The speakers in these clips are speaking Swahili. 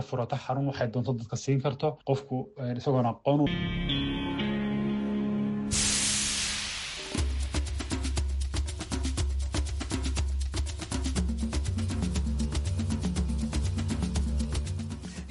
furata xarun waxay doonto dadka siin karto qofku eh, isagoon aqoon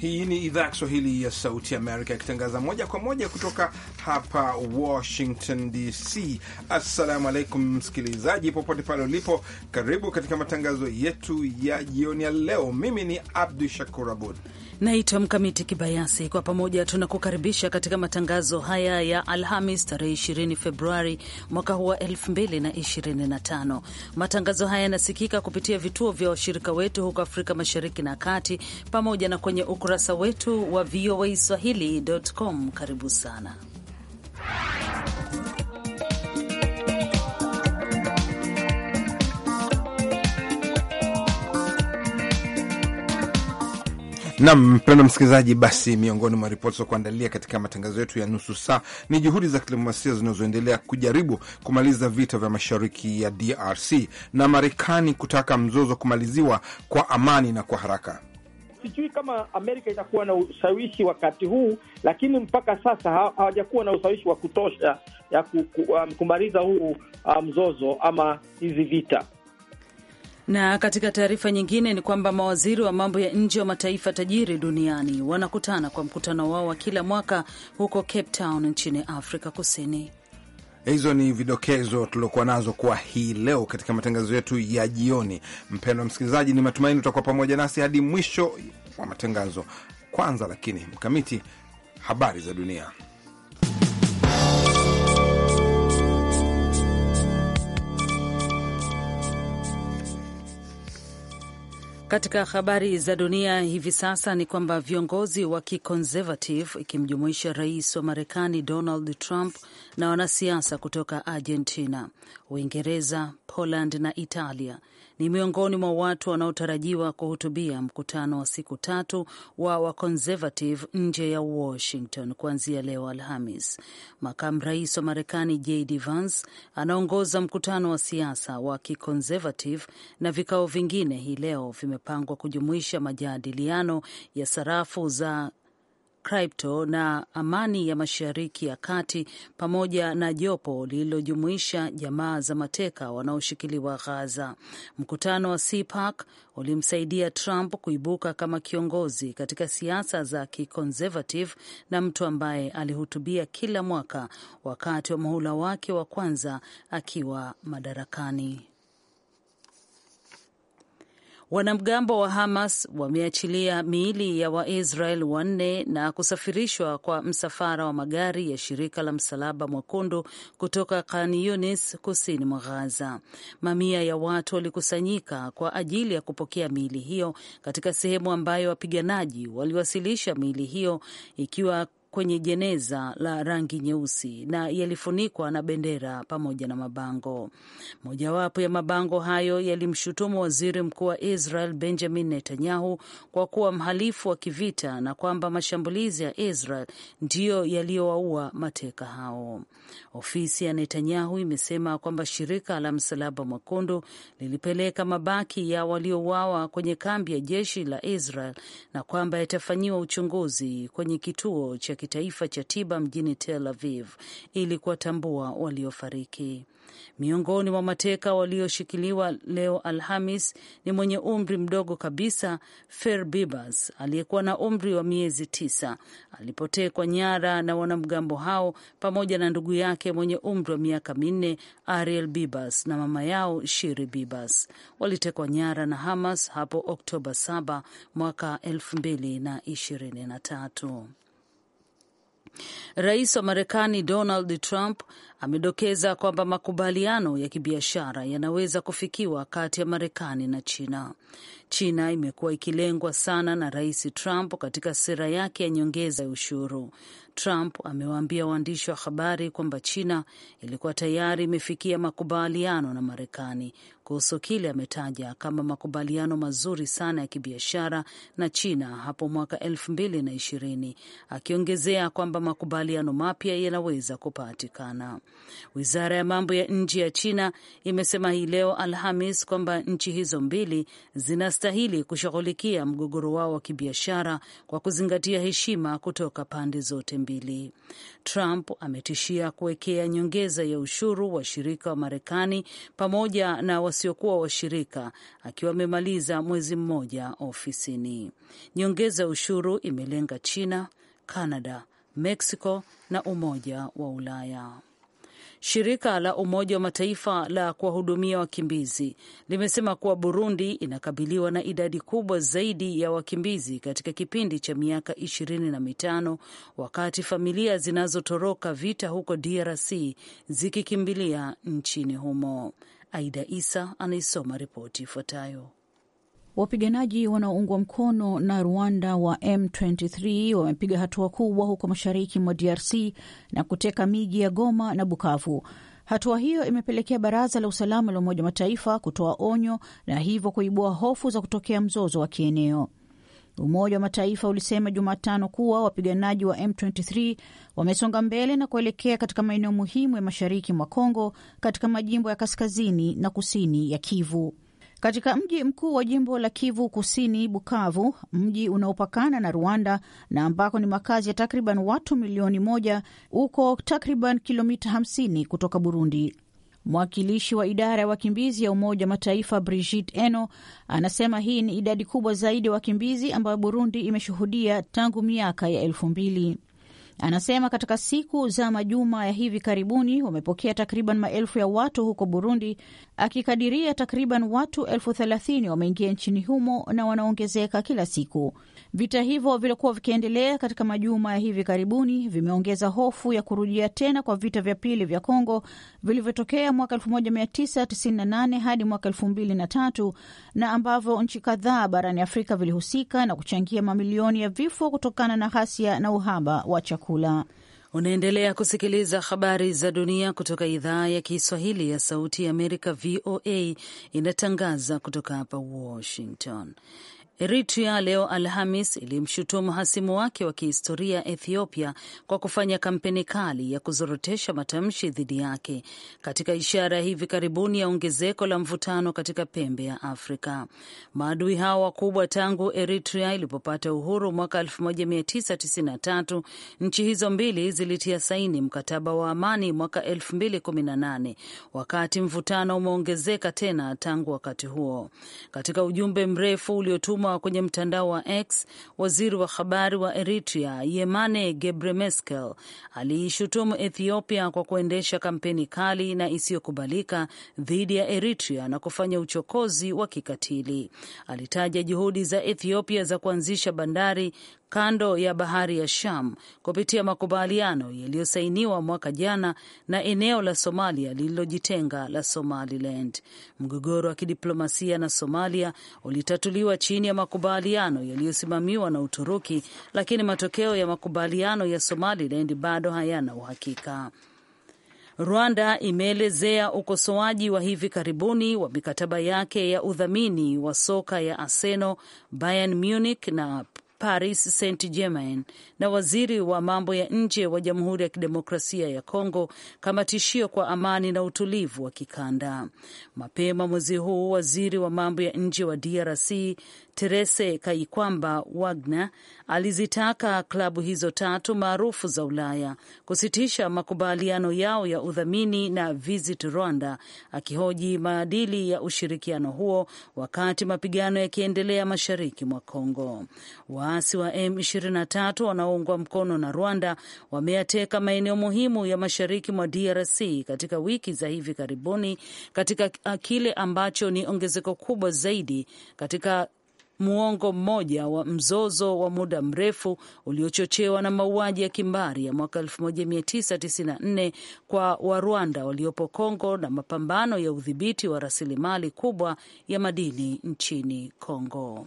Hii ni idhaa ya Kiswahili ya Sauti Amerika ikitangaza moja kwa moja kutoka hapa Washington DC. Assalamu alaikum msikilizaji, popote pale ulipo, karibu katika matangazo yetu ya jioni ya leo. Mimi ni Abdu Shakur Abud naitwa Mkamiti Kibayasi. Kwa pamoja tunakukaribisha katika matangazo haya ya Alhamis tarehe 20 Februari mwaka huu wa 2025. Matangazo haya yanasikika kupitia vituo vya washirika wetu huko Afrika Mashariki na Kati pamoja na kwenye ukra ukurasa wetu wa VOA Swahili.com. Karibu sana. Nam, mpendo msikilizaji, basi miongoni mwa ripoti za kuandalia katika matangazo yetu ya nusu saa ni juhudi za kidiplomasia zinazoendelea kujaribu kumaliza vita vya mashariki ya DRC na Marekani kutaka mzozo kumaliziwa kwa amani na kwa haraka sijui kama Amerika itakuwa na ushawishi wakati huu, lakini mpaka sasa hawajakuwa na ushawishi wa kutosha ya um, kumaliza huu um, mzozo ama hizi vita. Na katika taarifa nyingine ni kwamba mawaziri wa mambo ya nje wa mataifa tajiri duniani wanakutana kwa mkutano wao wa kila mwaka huko Cape Town nchini Afrika Kusini. Hizo ni vidokezo tuliokuwa nazo kwa hii leo katika matangazo yetu ya jioni. Mpendwa msikilizaji, ni matumaini utakuwa pamoja nasi hadi mwisho wa matangazo. Kwanza lakini, Mkamiti, habari za dunia. Katika habari za dunia hivi sasa ni kwamba viongozi wa kiconservative ikimjumuisha rais wa Marekani Donald Trump na wanasiasa kutoka Argentina, Uingereza, Poland na Italia ni miongoni mwa watu wanaotarajiwa kuhutubia mkutano wa siku tatu wa waconservative nje ya Washington kuanzia leo Alhamis. Makamu rais wa Marekani JD Vance anaongoza mkutano wa siasa wa kiconservative na vikao vingine hii leo vimepangwa kujumuisha majadiliano ya sarafu za Crypto na Amani ya Mashariki ya Kati pamoja na jopo lililojumuisha jamaa za mateka wanaoshikiliwa Gaza. Mkutano wa CPAC ulimsaidia Trump kuibuka kama kiongozi katika siasa za kiconservative na mtu ambaye alihutubia kila mwaka wakati wa muhula wake wa kwanza akiwa madarakani. Wanamgambo wa Hamas wameachilia miili ya Waisrael wanne na kusafirishwa kwa msafara wa magari ya shirika la Msalaba Mwekundu kutoka Khan Yunis, kusini mwa Ghaza. Mamia ya watu walikusanyika kwa ajili ya kupokea miili hiyo katika sehemu ambayo wapiganaji waliwasilisha miili hiyo, ikiwa kwenye jeneza la rangi nyeusi na yalifunikwa na bendera pamoja na mabango. Mojawapo ya mabango hayo yalimshutumu waziri mkuu wa Israel Benjamin Netanyahu kwa kuwa mhalifu wa kivita na kwamba mashambulizi ya Israel ndiyo yaliyowaua mateka hao. Ofisi ya Netanyahu imesema kwamba shirika la Msalaba Mwekundu lilipeleka mabaki ya waliouawa kwenye kambi ya jeshi la Israel na kwamba yatafanyiwa uchunguzi kwenye kituo cha kitaifa cha tiba mjini Tel Aviv ili kuwatambua waliofariki. Miongoni mwa mateka walioshikiliwa leo Alhamis ni mwenye umri mdogo kabisa Fer Bibas aliyekuwa na umri wa miezi tisa alipotekwa nyara na wanamgambo hao pamoja na ndugu yake mwenye umri wa miaka minne Ariel Bibas na mama yao Shiri Bibas. Walitekwa nyara na Hamas hapo Oktoba 7 mwaka 2023. Rais wa Marekani Donald Trump amedokeza kwamba makubaliano ya kibiashara yanaweza kufikiwa kati ya Marekani na China. China imekuwa ikilengwa sana na Rais Trump katika sera yake ya nyongeza ya ushuru. Trump amewaambia waandishi wa habari kwamba China ilikuwa tayari imefikia makubaliano na Marekani kuhusu kile ametaja kama makubaliano mazuri sana ya kibiashara na China hapo mwaka elfu mbili na ishirini, akiongezea kwamba makubaliano mapya yanaweza kupatikana. Wizara ya mambo ya nje ya China imesema hii leo Alhamis kwamba nchi hizo mbili zina wanastahili kushughulikia mgogoro wao wa kibiashara kwa kuzingatia heshima kutoka pande zote mbili. Trump ametishia kuwekea nyongeza ya ushuru washirika wa Marekani pamoja na wasiokuwa washirika akiwa amemaliza mwezi mmoja ofisini. Nyongeza ya ushuru imelenga China, Canada, Mexico na Umoja wa Ulaya. Shirika la Umoja wa Mataifa la kuwahudumia wakimbizi limesema kuwa Burundi inakabiliwa na idadi kubwa zaidi ya wakimbizi katika kipindi cha miaka ishirini na mitano wakati familia zinazotoroka vita huko DRC zikikimbilia nchini humo. Aida Isa anaisoma ripoti ifuatayo. Wapiganaji wanaoungwa mkono na Rwanda wa M23 wamepiga hatua kubwa huko mashariki mwa DRC na kuteka miji ya Goma na Bukavu. Hatua hiyo imepelekea Baraza la Usalama la Umoja wa Mataifa kutoa onyo na hivyo kuibua hofu za kutokea mzozo wa kieneo. Umoja wa Mataifa ulisema Jumatano kuwa wapiganaji wa M23 wamesonga mbele na kuelekea katika maeneo muhimu ya mashariki mwa Kongo, katika majimbo ya kaskazini na kusini ya Kivu. Katika mji mkuu wa jimbo la Kivu Kusini, Bukavu, mji unaopakana na Rwanda na ambako ni makazi ya takriban watu milioni moja, uko takriban kilomita 50 kutoka Burundi. Mwakilishi wa idara ya wakimbizi ya Umoja wa Mataifa Brigitte Eno anasema hii ni idadi kubwa zaidi ya wakimbizi ambayo Burundi imeshuhudia tangu miaka ya elfu mbili. Anasema katika siku za majuma ya hivi karibuni wamepokea takriban maelfu ya watu huko Burundi akikadiria takriban watu elfu thelathini wameingia nchini humo na wanaongezeka kila siku. Vita hivyo vilikuwa vikiendelea katika majuma ya hivi karibuni vimeongeza hofu ya kurudia tena kwa vita vya pili vya Kongo vilivyotokea mwaka 1998 hadi mwaka 2003 na ambavyo nchi kadhaa barani Afrika vilihusika na kuchangia mamilioni ya vifo kutokana na ghasia na uhaba wa chakula. Unaendelea kusikiliza habari za dunia kutoka idhaa ya Kiswahili ya Sauti ya Amerika, VOA, inatangaza kutoka hapa Washington. Eritrea leo Alhamis ilimshutumu hasimu wake wa kihistoria Ethiopia kwa kufanya kampeni kali ya kuzorotesha matamshi dhidi yake katika ishara ya hivi karibuni ya ongezeko la mvutano katika pembe ya Afrika. Maadui hao wakubwa tangu Eritrea ilipopata uhuru mwaka 1993 nchi hizo mbili zilitia saini mkataba wa amani mwaka 2018 wakati mvutano umeongezeka tena tangu wakati huo. Katika ujumbe mrefu uliotumwa umma kwenye mtandao wa X, waziri wa habari wa Eritrea Yemane Gebremeskel aliishutumu Ethiopia kwa kuendesha kampeni kali na isiyokubalika dhidi ya Eritrea na kufanya uchokozi wa kikatili. Alitaja juhudi za Ethiopia za kuanzisha bandari kando ya bahari ya Sham kupitia makubaliano yaliyosainiwa mwaka jana na eneo la Somalia lililojitenga la Somaliland. Mgogoro wa kidiplomasia na Somalia ulitatuliwa chini ya makubaliano yaliyosimamiwa na Uturuki, lakini matokeo ya makubaliano ya Somaliland bado hayana uhakika. Rwanda imeelezea ukosoaji wa hivi karibuni wa mikataba yake ya udhamini wa soka ya Arsenal, Bayern Munich na Paris Saint Germain na waziri wa mambo ya nje wa Jamhuri ya Kidemokrasia ya Kongo kama tishio kwa amani na utulivu wa kikanda. Mapema mwezi huu waziri wa mambo ya nje wa DRC terese Kaikwamba Wagner alizitaka klabu hizo tatu maarufu za Ulaya kusitisha makubaliano yao ya udhamini na Visit Rwanda, akihoji maadili ya ushirikiano huo wakati mapigano yakiendelea mashariki mwa Kongo. Waasi wa M23 wanaoungwa mkono na Rwanda wameyateka maeneo muhimu ya mashariki mwa DRC katika wiki za hivi karibuni katika kile ambacho ni ongezeko kubwa zaidi katika muongo mmoja wa mzozo wa muda mrefu uliochochewa na mauaji ya kimbari ya mwaka 1994 kwa Warwanda waliopo Kongo na mapambano ya udhibiti wa rasilimali kubwa ya madini nchini Kongo.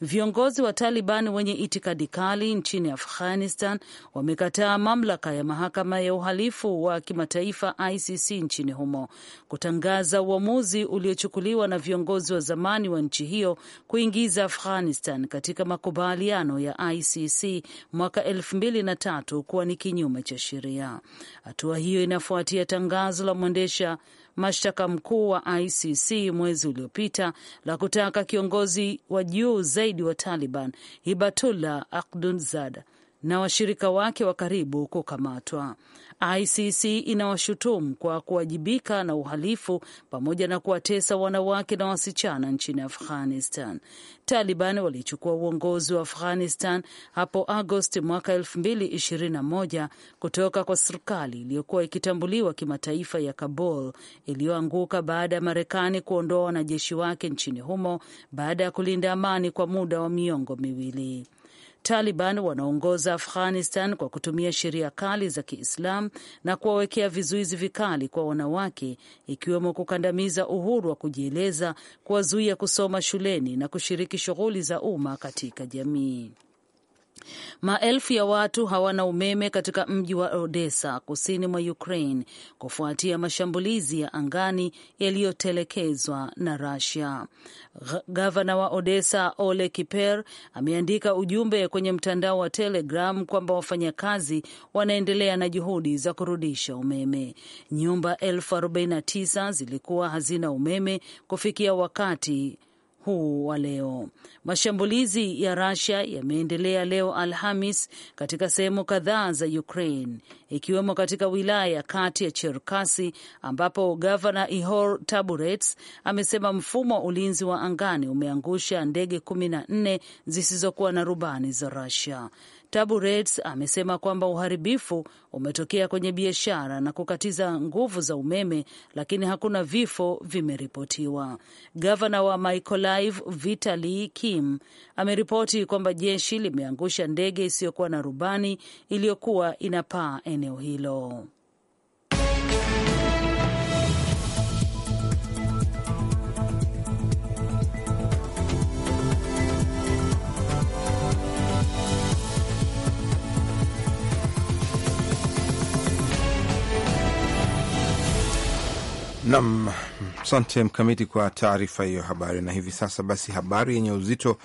Viongozi wa Taliban wenye itikadi kali nchini Afghanistan wamekataa mamlaka ya mahakama ya uhalifu wa kimataifa ICC nchini humo kutangaza uamuzi uliochukuliwa na viongozi wa zamani wa nchi hiyo kuingiza Afghanistan katika makubaliano ya ICC mwaka elfu mbili na tatu kuwa ni kinyume cha sheria. Hatua hiyo inafuatia tangazo la mwendesha mashtaka mkuu wa ICC mwezi uliopita la kutaka kiongozi wa juu zaidi wa Taliban Hibatullah Akhundzada na washirika wake wa karibu kukamatwa. ICC inawashutumu kwa kuwajibika na uhalifu pamoja na kuwatesa wanawake na wasichana nchini Afghanistan. Taliban walichukua uongozi wa Afghanistan hapo Agosti mwaka 2021 kutoka kwa serikali iliyokuwa ikitambuliwa kimataifa ya Kabul iliyoanguka baada ya Marekani kuondoa wanajeshi wake nchini humo baada ya kulinda amani kwa muda wa miongo miwili. Taliban wanaongoza Afghanistan kwa kutumia sheria kali za Kiislamu na kuwawekea vizuizi vikali kwa wanawake, ikiwemo kukandamiza uhuru wa kujieleza, kuwazuia kusoma shuleni na kushiriki shughuli za umma katika jamii. Maelfu ya watu hawana umeme katika mji wa Odessa kusini mwa Ukraine kufuatia mashambulizi ya angani yaliyotelekezwa na Russia. Gavana wa Odessa Ole Kiper ameandika ujumbe kwenye mtandao wa Telegram kwamba wafanyakazi wanaendelea na juhudi za kurudisha umeme. Nyumba elfu zilikuwa hazina umeme kufikia wakati huu wa leo. Mashambulizi ya Russia yameendelea leo Alhamis katika sehemu kadhaa za Ukraine, ikiwemo katika wilaya ya kati ya Cherkasi, ambapo gavana Ihor Taburets amesema mfumo wa ulinzi wa angani umeangusha ndege kumi na nne zisizokuwa na rubani za Russia. Taburets amesema kwamba uharibifu umetokea kwenye biashara na kukatiza nguvu za umeme, lakini hakuna vifo vimeripotiwa. Gavana wa Mykolaiv Vitali Kim ameripoti kwamba jeshi limeangusha ndege isiyokuwa na rubani iliyokuwa inapaa eneo hilo. Nam, asante Mkamiti kwa taarifa hiyo habari. Na hivi sasa basi, habari yenye uzito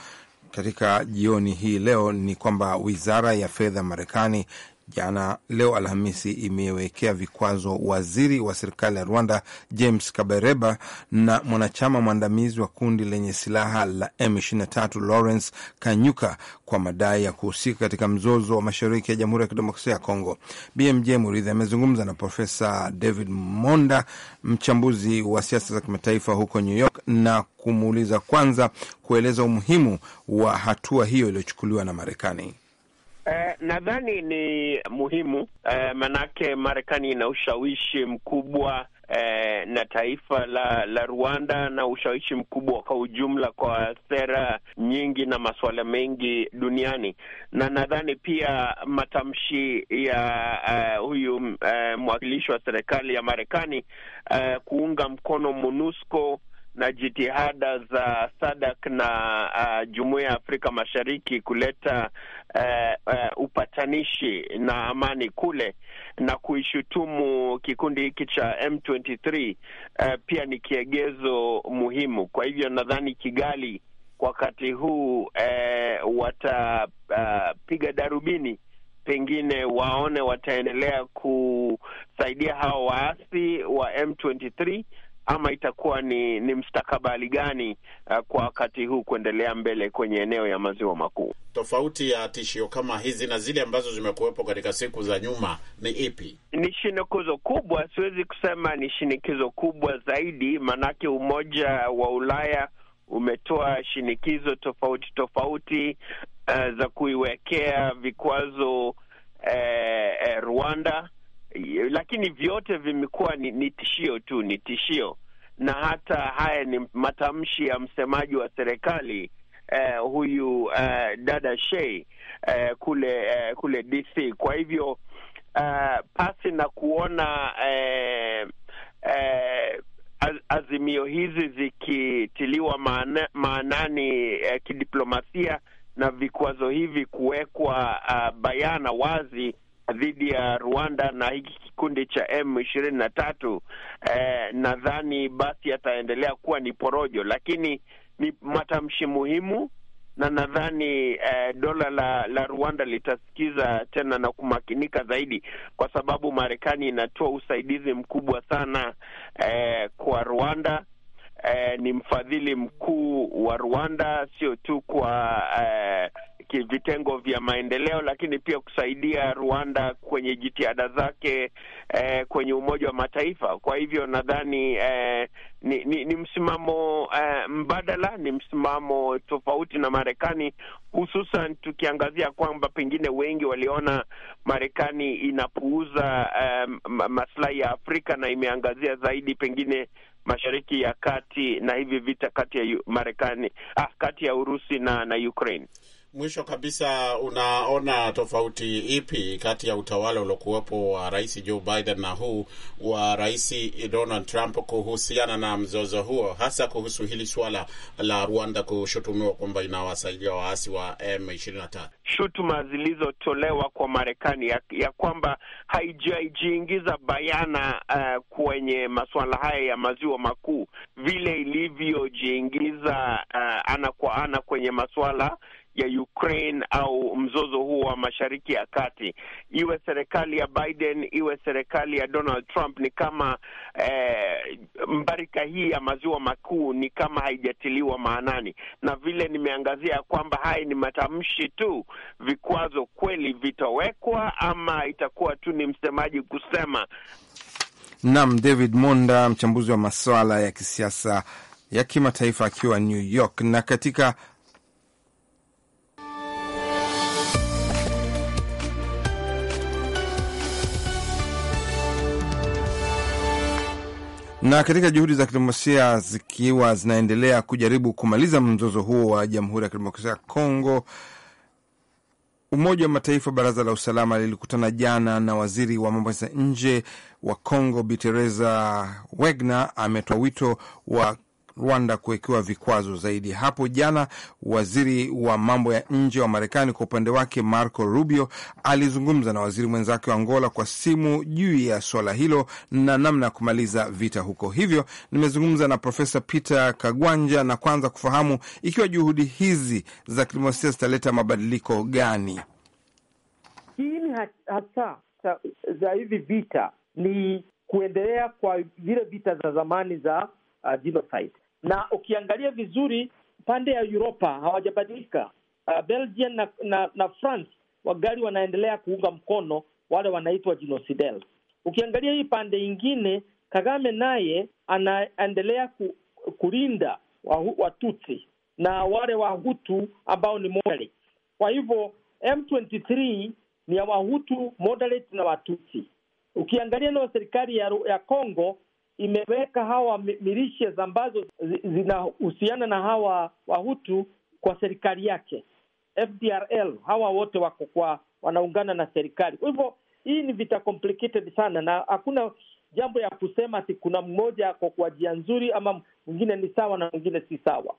katika jioni hii leo ni kwamba wizara ya fedha Marekani jana leo Alhamisi imewekea vikwazo waziri wa serikali ya Rwanda James kabereba na mwanachama mwandamizi wa kundi lenye silaha la M23 Lawrence Kanyuka kwa madai ya kuhusika katika mzozo wa mashariki ya Jamhuri ya Kidemokrasia ya Kongo. BMJ Muridhi amezungumza na Profesa David Monda, mchambuzi wa siasa za kimataifa huko New York, na kumuuliza kwanza kueleza umuhimu wa hatua hiyo iliyochukuliwa na Marekani. Eh, nadhani ni muhimu eh, manake Marekani ina ushawishi mkubwa eh, na taifa la la Rwanda na ushawishi mkubwa kwa ujumla kwa sera nyingi na masuala mengi duniani, na nadhani pia matamshi ya uh, huyu uh, mwakilishi wa serikali ya Marekani uh, kuunga mkono MONUSCO na jitihada za SADC na uh, Jumuiya ya Afrika Mashariki kuleta uh, uh, upatanishi na amani kule na kuishutumu kikundi hiki cha M23 uh, pia ni kiegezo muhimu. Kwa hivyo nadhani Kigali wakati huu uh, watapiga uh, darubini pengine waone wataendelea kusaidia hawa waasi wa M23 ama itakuwa ni, ni mstakabali gani uh, kwa wakati huu kuendelea mbele kwenye eneo ya maziwa makuu? Tofauti ya tishio kama hizi na zile ambazo zimekuwepo katika siku za nyuma ni ipi? Ni shinikizo kubwa, siwezi kusema ni shinikizo kubwa zaidi, maanake Umoja wa Ulaya umetoa shinikizo tofauti tofauti uh, za kuiwekea vikwazo uh, Rwanda lakini vyote vimekuwa ni, ni tishio tu, ni tishio. Na hata haya ni matamshi ya msemaji wa serikali eh, huyu eh, dada Shei eh, kule eh, kule DC. Kwa hivyo eh, pasi na kuona eh, eh, azimio hizi zikitiliwa maana, maanani eh, kidiplomasia na vikwazo hivi kuwekwa uh, bayana wazi dhidi ya Rwanda na hiki kikundi cha M ishirini na tatu, eh, nadhani basi yataendelea kuwa ni porojo, lakini ni matamshi muhimu na nadhani eh, dola la, la Rwanda litasikiza tena na kumakinika zaidi, kwa sababu Marekani inatoa usaidizi mkubwa sana eh, kwa Rwanda eh, ni mfadhili mkuu wa Rwanda, sio tu kwa eh, vitengo vya maendeleo, lakini pia kusaidia Rwanda kwenye jitihada zake eh, kwenye Umoja wa Mataifa. Kwa hivyo nadhani eh, ni, ni, ni msimamo eh, mbadala, ni msimamo tofauti na Marekani, hususan tukiangazia kwamba pengine wengi waliona Marekani inapuuza eh, maslahi ya Afrika na imeangazia zaidi pengine Mashariki ya Kati na hivi vita kati ya Marekani ah, kati ya Urusi na na Ukraine. Mwisho kabisa, unaona tofauti ipi kati ya utawala uliokuwepo wa Rais Joe Biden na huu wa Rais Donald Trump kuhusiana na mzozo huo, hasa kuhusu hili suala la Rwanda kushutumiwa kwamba inawasaidia waasi wa M23? Shutuma zilizotolewa kwa Marekani ya, ya kwamba haijiingiza bayana uh, kwenye masuala haya ya maziwa makuu vile ilivyojiingiza uh, ana kwa ana kwenye masuala ya Ukraine au mzozo huo wa Mashariki ya Kati, iwe serikali ya Biden, iwe serikali ya Donald Trump, ni kama eh, mbarika hii ya maziwa makuu ni kama haijatiliwa maanani, na vile nimeangazia kwamba haya ni matamshi tu. Vikwazo kweli vitawekwa ama itakuwa tu ni msemaji kusema? Nam David Monda, mchambuzi wa masuala ya kisiasa ya kimataifa akiwa New York. Na katika Na katika juhudi za kidiplomasia zikiwa zinaendelea kujaribu kumaliza mzozo huo wa Jamhuri ya Kidemokrasia ya Kongo, Umoja wa Mataifa Baraza la Usalama lilikutana jana na waziri wa mambo ya nje wa Kongo Bi Teresa ametoa wito wa Rwanda kuwekewa vikwazo zaidi. Hapo jana waziri wa mambo ya nje wa Marekani kwa upande wake Marco Rubio alizungumza na waziri mwenzake wa Angola kwa simu juu ya swala hilo na namna ya kumaliza vita huko. Hivyo nimezungumza na Profesa Peter Kagwanja na kwanza kufahamu ikiwa juhudi hizi za kidiplomasia zitaleta mabadiliko gani. Kiini hasa za hivi vita ni kuendelea kwa vile vita za zamani za uh, genocide na ukiangalia vizuri pande ya Uropa hawajabadilika. Uh, Belgium na, na, na France wagali wanaendelea kuunga mkono wale wanaitwa genocidal. Ukiangalia hii pande ingine, Kagame naye anaendelea ku, kulinda Watutsi na wale Wahutu ambao ni moderate. Kwa hivyo M23 ni ya Wahutu moderate na Watutsi. Ukiangalia nao serikali ya, ya Congo imeweka hawa milishia ambazo zinahusiana na hawa wahutu kwa serikali yake. FDRL hawa wote wako kwa wanaungana na serikali. Kwa hivyo hii ni vita complicated sana, na hakuna jambo ya kusema ati kuna mmoja ako kwa jia nzuri ama mwingine ni sawa na mwingine si sawa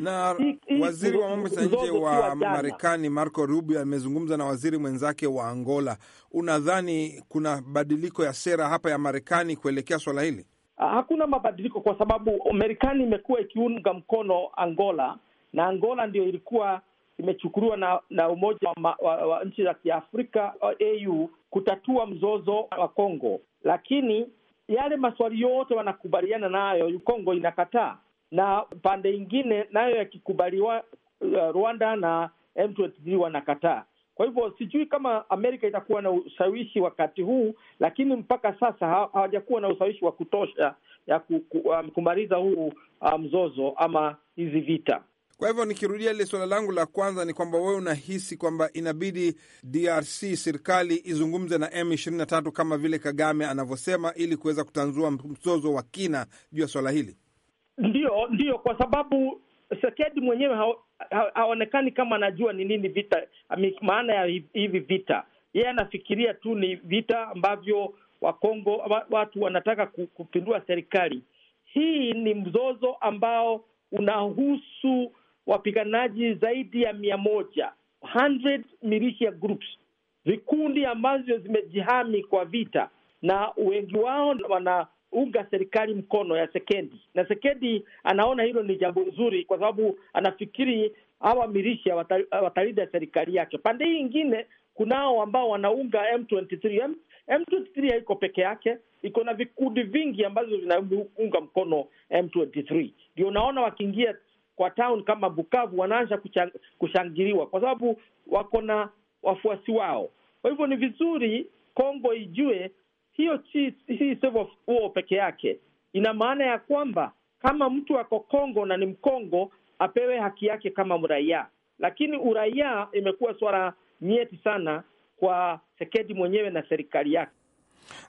na waziri wa mambo ya nje wa Marekani Marco Rubio amezungumza na waziri mwenzake wa Angola. Unadhani kuna badiliko ya sera hapa ya Marekani kuelekea swala hili? Ah, hakuna mabadiliko, kwa sababu Marekani imekuwa ikiunga mkono Angola na Angola ndio ilikuwa imechukuliwa na, na Umoja wa, wa, wa nchi za Kiafrika AU kutatua mzozo wa Kongo, lakini yale maswali yote wanakubaliana nayo, Kongo inakataa na pande ingine nayo yakikubaliwa, uh, Rwanda na M23 wanakataa. Kwa hivyo sijui kama Amerika itakuwa na ushawishi wakati huu, lakini mpaka sasa hawajakuwa na ushawishi wa kutosha ya um, kumaliza huu uh, mzozo ama hizi vita. Kwa hivyo nikirudia lile suala langu la kwanza, ni kwamba wewe unahisi kwamba inabidi DRC serikali izungumze na m ishirini na tatu kama vile Kagame anavyosema, ili kuweza kutanzua mzozo wa kina juu ya swala hili. Ndiyo, ndio, kwa sababu Sekedi mwenyewe ha, ha, haonekani kama anajua ni nini vita, maana ya hivi vita. Yeye anafikiria tu ni vita ambavyo Wakongo watu wanataka kupindua serikali. Hii ni mzozo ambao unahusu wapiganaji zaidi ya mia moja, militia groups, vikundi ambavyo zimejihami kwa vita, na wengi wao wana unga serikali mkono ya Sekendi, na Sekendi anaona hilo ni jambo nzuri, kwa sababu anafikiri hawa milisha watalida serikali yake. Pande hii ingine kunao ambao wanaunga M23. M, M23 haiko peke yake, iko na vikundi vingi ambavyo vinaunga mkono M23. Ndio unaona wakiingia kwa town kama Bukavu wanaanza kushangiliwa kwa sababu wako na wafuasi wao. Kwa hivyo ni vizuri Kongo ijue hiyo hii peke yake. Ina maana ya kwamba kama mtu ako Kongo na ni Mkongo apewe haki yake kama mraia, lakini uraia imekuwa swala nyeti sana kwa Sekedi mwenyewe na serikali yake.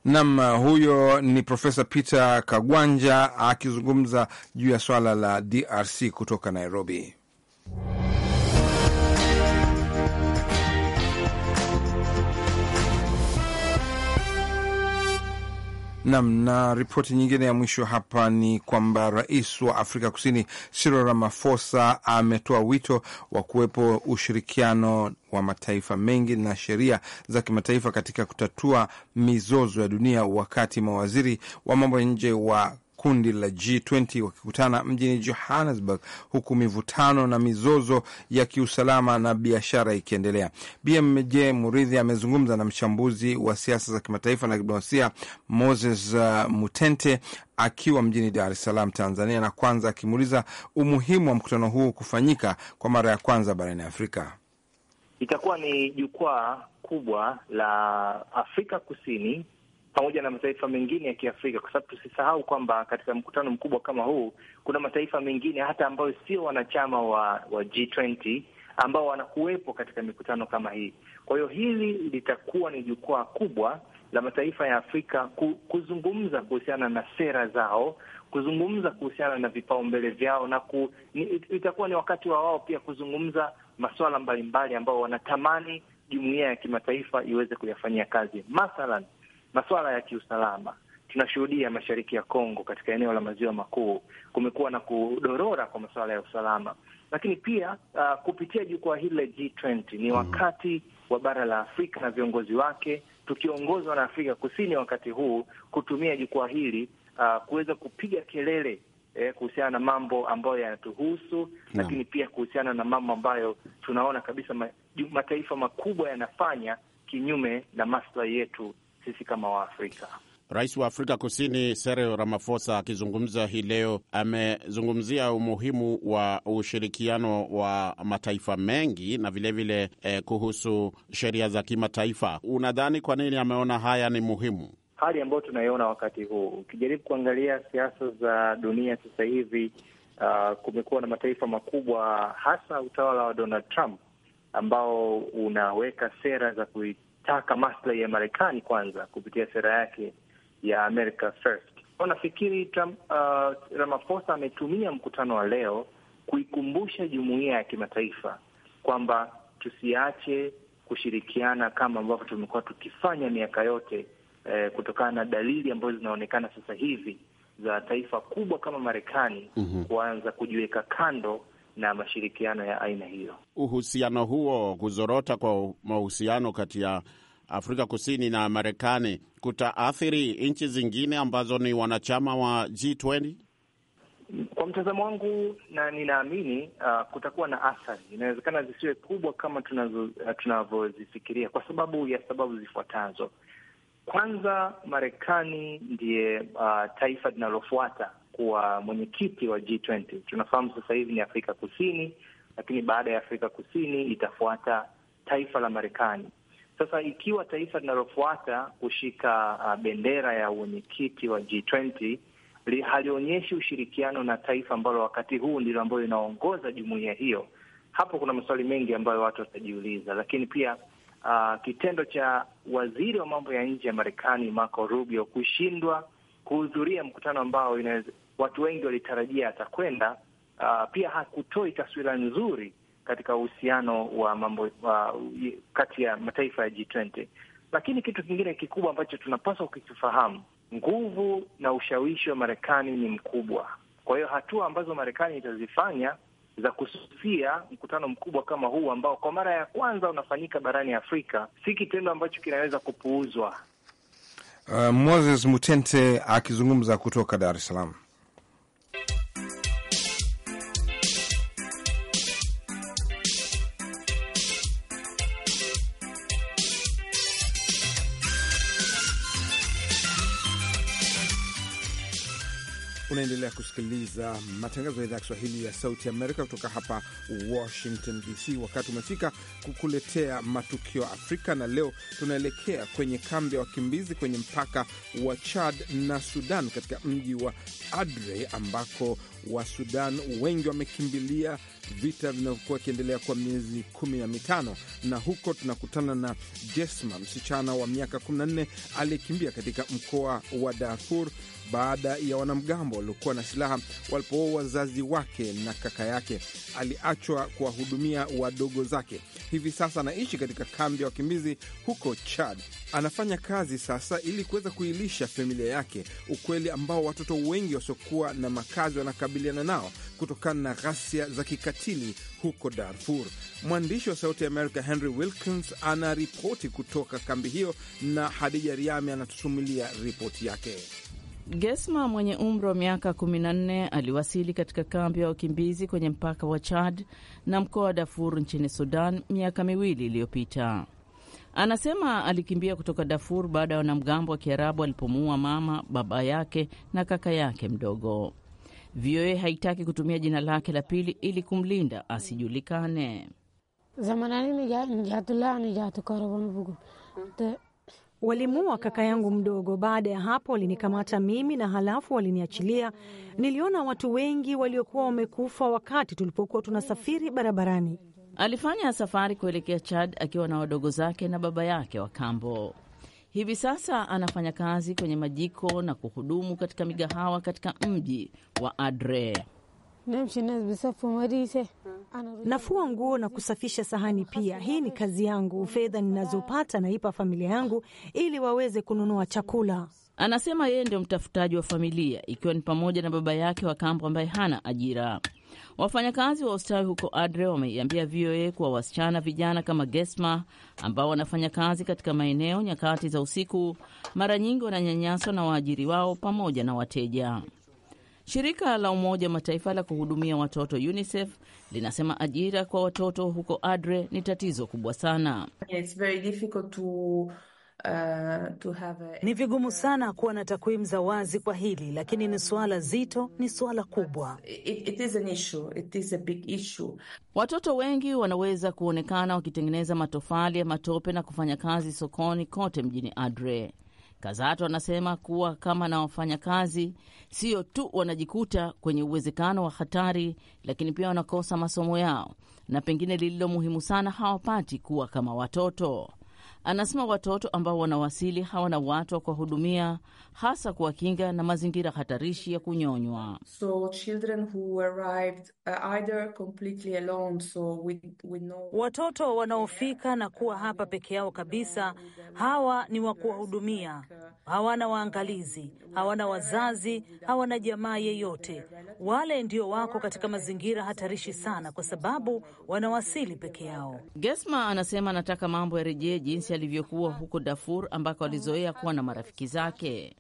Nam, uh, huyo ni Profesa Peter Kagwanja akizungumza juu ya swala la DRC kutoka Nairobi. Nam na, na ripoti nyingine ya mwisho hapa ni kwamba rais wa Afrika Kusini Cyril Ramaphosa ametoa wito wa kuwepo ushirikiano wa mataifa mengi na sheria za kimataifa katika kutatua mizozo ya dunia, wakati mawaziri wa mambo ya nje wa kundi la G20 wakikutana mjini Johannesburg, huku mivutano na mizozo ya kiusalama na biashara ikiendelea. BMJ Muridhi amezungumza na mchambuzi wa siasa za kimataifa na kidiplomasia Moses uh, Mutente akiwa mjini Dar es Salaam, Tanzania, na kwanza akimuuliza umuhimu wa mkutano huu kufanyika kwa mara ya kwanza barani Afrika. Itakuwa ni jukwaa kubwa la Afrika Kusini pamoja na mataifa mengine ya Kiafrika, kwa sababu tusisahau kwamba katika mkutano mkubwa kama huu kuna mataifa mengine hata ambayo sio wanachama wa, wa G20 ambao wanakuwepo katika mikutano kama hii. Kwa hiyo hili litakuwa ni jukwaa kubwa la mataifa ya Afrika kuzungumza kuhusiana na sera zao, kuzungumza kuhusiana na vipaumbele vyao na ku, ni, itakuwa ni wakati wa wao pia kuzungumza masuala mbalimbali ambao wanatamani jumuiya ya kimataifa iweze kuyafanyia kazi, mathalan masuala ya kiusalama tunashuhudia mashariki ya Kongo, katika eneo la maziwa makuu kumekuwa na kudorora kwa masuala ya usalama, lakini pia uh, kupitia jukwaa hili la G20 ni mm-hmm. wakati wa bara la Afrika na viongozi wake tukiongozwa na Afrika Kusini wakati huu kutumia jukwaa hili uh, kuweza kupiga kelele eh, kuhusiana na mambo ambayo yanatuhusu no. Lakini pia kuhusiana na mambo ambayo tunaona kabisa ma, mataifa makubwa yanafanya kinyume na maslahi yetu sisi kama Waafrika. Rais wa Afrika Kusini Cyril Ramaphosa akizungumza hii leo amezungumzia umuhimu wa ushirikiano wa mataifa mengi na vilevile vile, eh, kuhusu sheria za kimataifa. Unadhani kwa nini ameona haya ni muhimu? Hali ambayo tunaiona wakati huu, ukijaribu kuangalia siasa za dunia sasa hivi, uh, kumekuwa na mataifa makubwa, hasa utawala wa Donald Trump ambao unaweka sera za kui kutaka maslahi ya Marekani kwanza kupitia sera yake ya America First. Nafikiri uh, Ramaphosa ametumia mkutano wa leo kuikumbusha jumuiya ya kimataifa kwamba tusiache kushirikiana kama ambavyo tumekuwa tukifanya miaka yote eh, kutokana na dalili ambazo zinaonekana sasa hivi za taifa kubwa kama Marekani mm -hmm. kuanza kujiweka kando na mashirikiano ya aina hiyo. Uhusiano huo, kuzorota kwa mahusiano kati ya Afrika Kusini na Marekani kutaathiri nchi zingine ambazo ni wanachama wa G20? Kwa mtazamo wangu na ninaamini uh, kutakuwa na athari, inawezekana zisiwe kubwa kama uh, tunavyozifikiria, kwa sababu ya sababu zifuatazo. Kwanza, Marekani ndiye uh, taifa linalofuata kuwa mwenyekiti wa G20. Tunafahamu sasa hivi ni Afrika Kusini, lakini baada ya Afrika Kusini itafuata taifa la Marekani. Sasa ikiwa taifa linalofuata kushika uh, bendera ya uwenyekiti wa G20 halionyeshi ushirikiano na taifa ambalo wakati huu ndilo ambayo inaongoza jumuiya hiyo, hapo kuna maswali mengi ambayo watu watajiuliza. Lakini pia uh, kitendo cha waziri wa mambo ya nje ya Marekani Marco Rubio kushindwa kuhudhuria mkutano ambao watu wengi walitarajia atakwenda. Uh, ah, pia hakutoi taswira nzuri katika uhusiano wa mambo uh, kati ya mataifa ya G20. Lakini kitu kingine kikubwa ambacho tunapaswa kukifahamu, nguvu na ushawishi wa Marekani ni mkubwa. Kwa hiyo hatua ambazo Marekani itazifanya za kususia mkutano mkubwa kama huu ambao kwa mara ya kwanza unafanyika barani Afrika si kitendo ambacho kinaweza kupuuzwa. Uh, Moses Mutente akizungumza kutoka Dar es Salaam. Unaendelea kusikiliza matangazo ya idhaa ya Kiswahili ya Sauti Amerika kutoka hapa Washington DC. Wakati umefika kukuletea matukio Afrika, na leo tunaelekea kwenye kambi ya wakimbizi kwenye mpaka wa Chad na Sudan katika mji wa Adre ambako wa Sudan wengi wamekimbilia vita vinavyokuwa ikiendelea kwa miezi kumi na mitano na huko tunakutana na Jesma, msichana wa miaka 14 aliyekimbia katika mkoa wa Darfur baada ya wanamgambo waliokuwa na silaha walipoua wazazi wake na kaka yake. Aliachwa kuwahudumia wadogo zake. Hivi sasa anaishi katika kambi ya wakimbizi huko Chad. Anafanya kazi sasa ili kuweza kuilisha familia yake, ukweli ambao watoto wengi wasiokuwa na makazi wanakabiliwa kukabiliana nao kutokana na ghasia za kikatili huko Darfur. Mwandishi wa Sauti ya Amerika Henry Wilkins anaripoti kutoka kambi hiyo na Hadija Riami anatusumilia ripoti yake. Gesma mwenye umri wa miaka 14 aliwasili katika kambi ya wakimbizi kwenye mpaka wa Chad na mkoa wa Darfur nchini Sudan miaka miwili iliyopita. Anasema alikimbia kutoka Darfur baada ya wanamgambo wa Kiarabu alipomuua mama, baba yake na kaka yake mdogo. VOA haitaki kutumia jina lake la pili ili kumlinda asijulikane. Walimuua kaka yangu mdogo, baada ya hapo walinikamata mimi na halafu waliniachilia. Niliona watu wengi waliokuwa wamekufa wakati tulipokuwa tunasafiri barabarani. Alifanya safari kuelekea Chad akiwa na wadogo zake na baba yake wa kambo. Hivi sasa anafanya kazi kwenye majiko na kuhudumu katika migahawa katika mji wa Adre. Nafua nguo na kusafisha sahani pia. Hii ni kazi yangu. Fedha ninazopata naipa familia yangu ili waweze kununua chakula. Anasema yeye ndio mtafutaji wa familia, ikiwa ni pamoja na baba yake wa kambo ambaye hana ajira. Wafanyakazi wa ustawi huko Adre wameiambia VOA kuwa wasichana vijana kama Gesma ambao wanafanya kazi katika maeneo nyakati za usiku mara nyingi wananyanyaswa na waajiri wao pamoja na wateja. Shirika la Umoja Mataifa la kuhudumia watoto UNICEF linasema ajira kwa watoto huko Adre ni tatizo kubwa sana. It's very difficult to Uh, a... ni vigumu sana kuwa na takwimu za wazi kwa hili, lakini ni suala zito, ni suala kubwa. It, it is an issue. It is a big issue. Watoto wengi wanaweza kuonekana wakitengeneza matofali ya matope na kufanya kazi sokoni kote mjini Adre. Kazato anasema kuwa kama na wafanyakazi sio tu wanajikuta kwenye uwezekano wa hatari, lakini pia wanakosa masomo yao, na pengine lililo muhimu sana hawapati kuwa kama watoto. Anasema watoto ambao wanawasili hawana watu wa kuwahudumia, hasa kuwakinga na mazingira hatarishi ya kunyonywa. So children who arrived uh, either completely alone, so with, with no... watoto wanaofika na kuwa hapa peke yao kabisa, hawa ni wa kuwahudumia, hawana waangalizi, hawana wazazi, hawana jamaa yeyote. Wale ndio wako katika mazingira hatarishi sana, kwa sababu wanawasili peke yao. Gesma anasema anataka mambo yarejee jinsi alivyokuwa huko Darfur ambako alizoea kuwa na marafiki zake.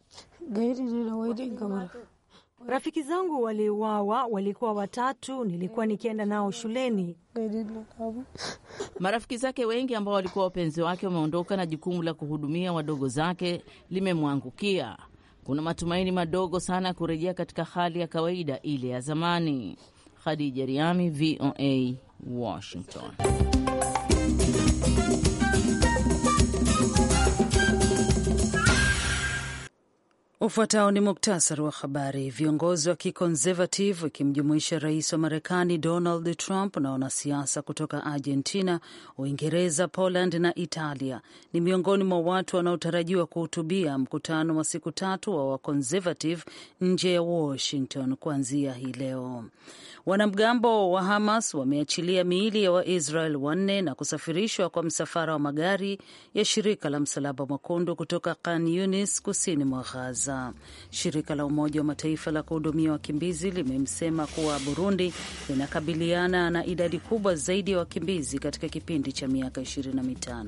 Rafiki zangu waliuawa, walikuwa watatu, nilikuwa nikienda nao shuleni. Marafiki zake wengi ambao walikuwa wapenzi wake wameondoka na jukumu la kuhudumia wadogo zake limemwangukia. Kuna matumaini madogo sana ya kurejea katika hali ya kawaida ile ya zamani. Khadija Riami, VOA, Washington. Ufuatao ni muktasari wa habari. Viongozi wa kiconservative ikimjumuisha rais wa Marekani Donald Trump na wanasiasa kutoka Argentina, Uingereza, Poland na Italia ni miongoni mwa watu wanaotarajiwa kuhutubia mkutano wa siku tatu wa waconservative nje ya Washington kuanzia hii leo. Wanamgambo wa Hamas wameachilia miili ya Waisrael wanne na kusafirishwa kwa msafara wa magari ya shirika la Msalaba Mwekundu kutoka Khan Yunis, kusini mwa Gaza. Gaza. Shirika la Umoja wa Mataifa la kuhudumia wakimbizi limemsema kuwa Burundi linakabiliana na idadi kubwa zaidi ya wakimbizi katika kipindi cha miaka 25.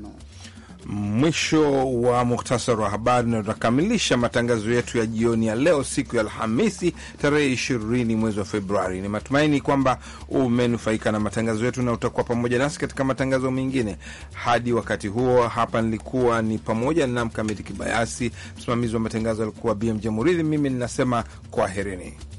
Mwisho wa muhtasari wa habari, na matangazo yetu ya jioni ya leo, siku ya Alhamisi tarehe ishirini mwezi wa Februari. Ni matumaini kwamba umenufaika na matangazo yetu na utakuwa pamoja nasi katika matangazo mengine. Hadi wakati huo, hapa nilikuwa ni pamoja na Mkamiti Kibayasi, msimamizi wa matangazo alikuwa BMJ Muridhi, mimi ninasema kwaherini.